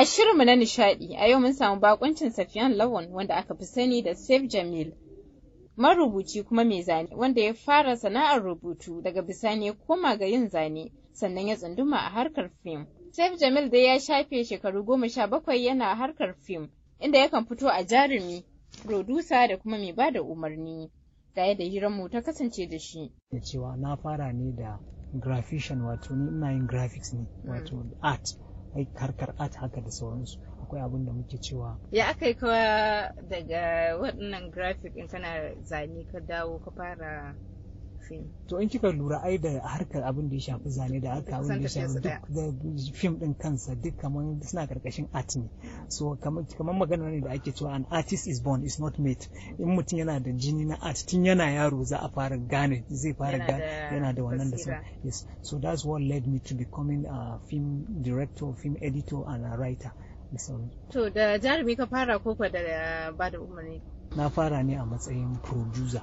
A shirinmu na nishaɗi a yau mun samu bakuncin Safiyan Lawan wanda aka fi sani da Saif Jamil. Marubuci kuma mai zane wanda ya fara sana'ar rubutu daga bisani ya koma ga yin zane sannan ya tsunduma a harkar fim. Saif Jamil dai ya shafe shekaru goma sha bakwai yana a harkar fim inda yakan fito a jarumi, produsa da kuma mai bada umarni. Da yadda hiranmu ta kasance da shi. Cewa na fara ne da grafishan wato ina yin graphics ne wato art. ai karkarat haka da sauransu akwai abin da muke cewa ya aka yi kawa daga waɗannan graphic in kana zane ka dawo ka fara to in kika lura ai da harkar abin da ya shafi zane da harkar abin da ya shafi duk fim din kansa duk kamar suna karkashin art ne so kamar magana ne da ake cewa an artist is born is not made in mutum yana da jini na art tun yana yaro za a fara gane zai fara gane yana da wannan da yes so that's what led me to becoming a film director film editor and a writer to da jarumi ka fara koko da ba umarni na fara ne a matsayin producer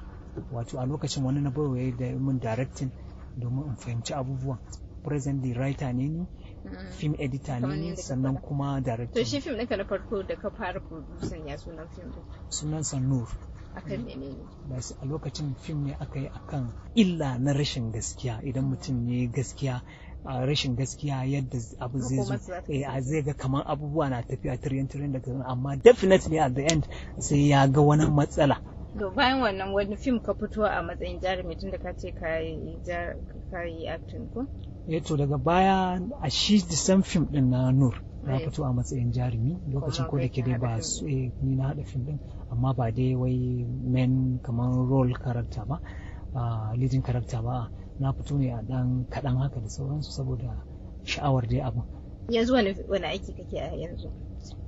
wato a lokacin wani na bawa ya da mun directing domin in fahimci abubuwan presently writer ne ne film editor ne ne sannan kuma director to shi film ɗinka na farko da ka fara producing ya sunan film din sunan san nur akan menene a lokacin film ne aka yi akan illa na rashin gaskiya idan mutum ne gaskiya rashin gaskiya yadda abu zai zo eh, a zai ga kamar abubuwa na tafiya tiryan tiryan daga amma definitely at the end sai ya ga wani matsala to bayan wannan wani fim ka fito a matsayin jarumi tun da ka ce ka yi acting ko eh to daga baya a shi da san fim din na nur na eh. fito a matsayin jarumi lokacin ko da ke dai ba su eh, ni na haɗa fim din amma ba dai wai men kamar role character ba leading character ba na fito ne a dan kaɗan haka da sauransu saboda sha'awar dai abin yanzu wani aiki kake a yanzu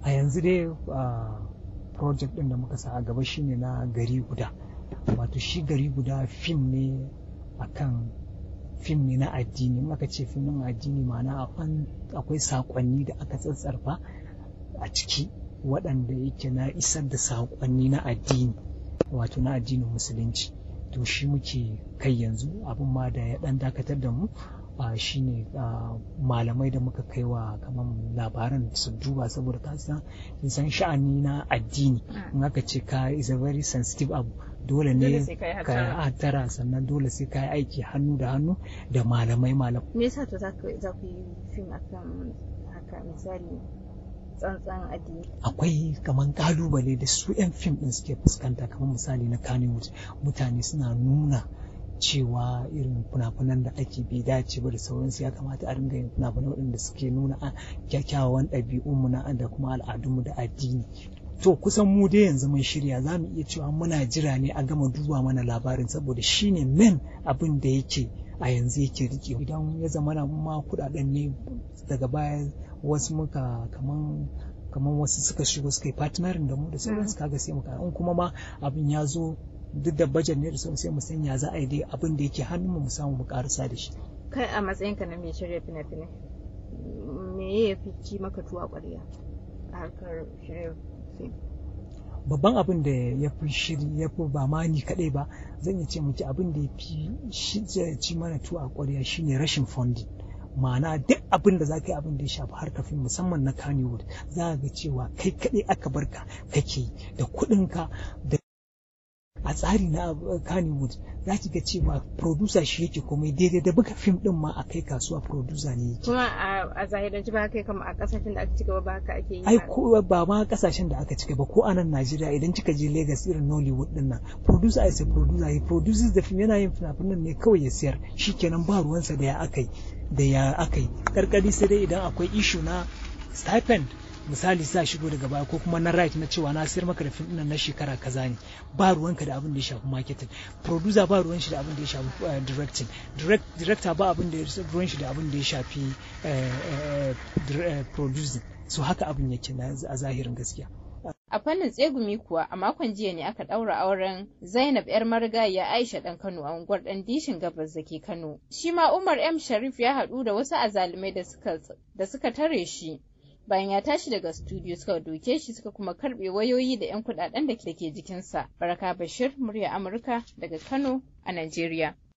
a yanzu dai ah, project ɗin da muka sa a gaba shine na gari guda wato shi gari guda fim ne akan fim ne na addini muka ce fim addini ma'ana akwai saƙonni da aka tsatsarfa a ciki waɗanda yake na isar da saƙonni na addini wato na addinin musulunci to shi muke kai yanzu abin ma da ya ɗan dakatar da mu shine malamai da muka kai wa kamar labaran su duba saboda ka san san sha'ani na addini mm. in aka ce ka is a very sensitive abu dole ne ka hatara sannan dole sai ka yi aiki hannu da hannu da malamai malam me yasa to za ku yi fim akan haka misali tsantsan addini. Akwai kamar kalubale da su 'yan fim ɗin suke fuskanta kamar misali na Kannywood mutane suna nuna cewa irin funafunan da ake bai dace ba da sauransu ya kamata a ringa yin funafunan waɗanda suke nuna a kyakkyawan ɗabi'unmu na da kuma al'adunmu da addini to kusan mu dai yanzu mun shirya za mu iya cewa muna jira ne a gama duba mana labarin saboda shine men abin da yake a yanzu yake rike idan ya zama na ma kudaden ne daga baya wasu muka kaman kaman wasu suka shigo suka yi partnerin da mu da sauransu mm. kaga sai muka in kuma ma abin ya zo duk da bajan ne da sun sai mu sanya za a yi dai abin da yake hannun mu samu mu karasa da shi kai a matsayin ka na mai shirya fina-finai me ya fi ci maka tuwa kwariya a harkar shirya fim babban abin da ya fi shiri ya fi ba ma ni kaɗai ba zan iya ce miki abin da ya fi ci mana tuwa shi shine rashin funding ma'ana duk abin da za ka yi abin da ya shafi harkar fim musamman na Kannywood za ga cewa kai kaɗai aka barka kake da kuɗinka da a tsari na Kannywood za ki ga cewa producer shi yake komai daidai da buga fim din ma a kai kasuwa producer ne yake. Kuma a zahirance ba kai kama a kasashen da aka ci gaba ba ka ake yi. Ai ko ba ma kasashen da aka ci gaba ko a nan Najeriya idan kika je Lagos irin Nollywood din nan producer ai sai producer produces da fim yana yin fina-finan ne kawai ya siyar shikenan ba ruwansa da ya akai da ya akai karkari sai dai idan akwai issue na stipend misali sa shigo daga baya ko kuma na right na cewa na sayar maka da fim na shekara kaza ne ba ruwanka da abin da ya shafi marketing producer ba ruwan shi da abin da ya shafi eh, directing director ba abin da ruwan shi da abin da ya shafi eh, eh, producing so haka abin yake a zahirin gaskiya A fannin tsegumi kuwa a makon jiya ne aka ɗaura auren Zainab 'yar marigayya Aisha ɗan Kano a unguwar ɗan dishin gabas da ke Kano. Shi ma Umar M. Sharif ya haɗu da wasu azalumai da suka tare shi bayan ya tashi daga studio suka doke shi suka kuma karbe wayoyi da 'yan kudaden da ke jikinsa baraka bashir murya amurka daga kano a najeriya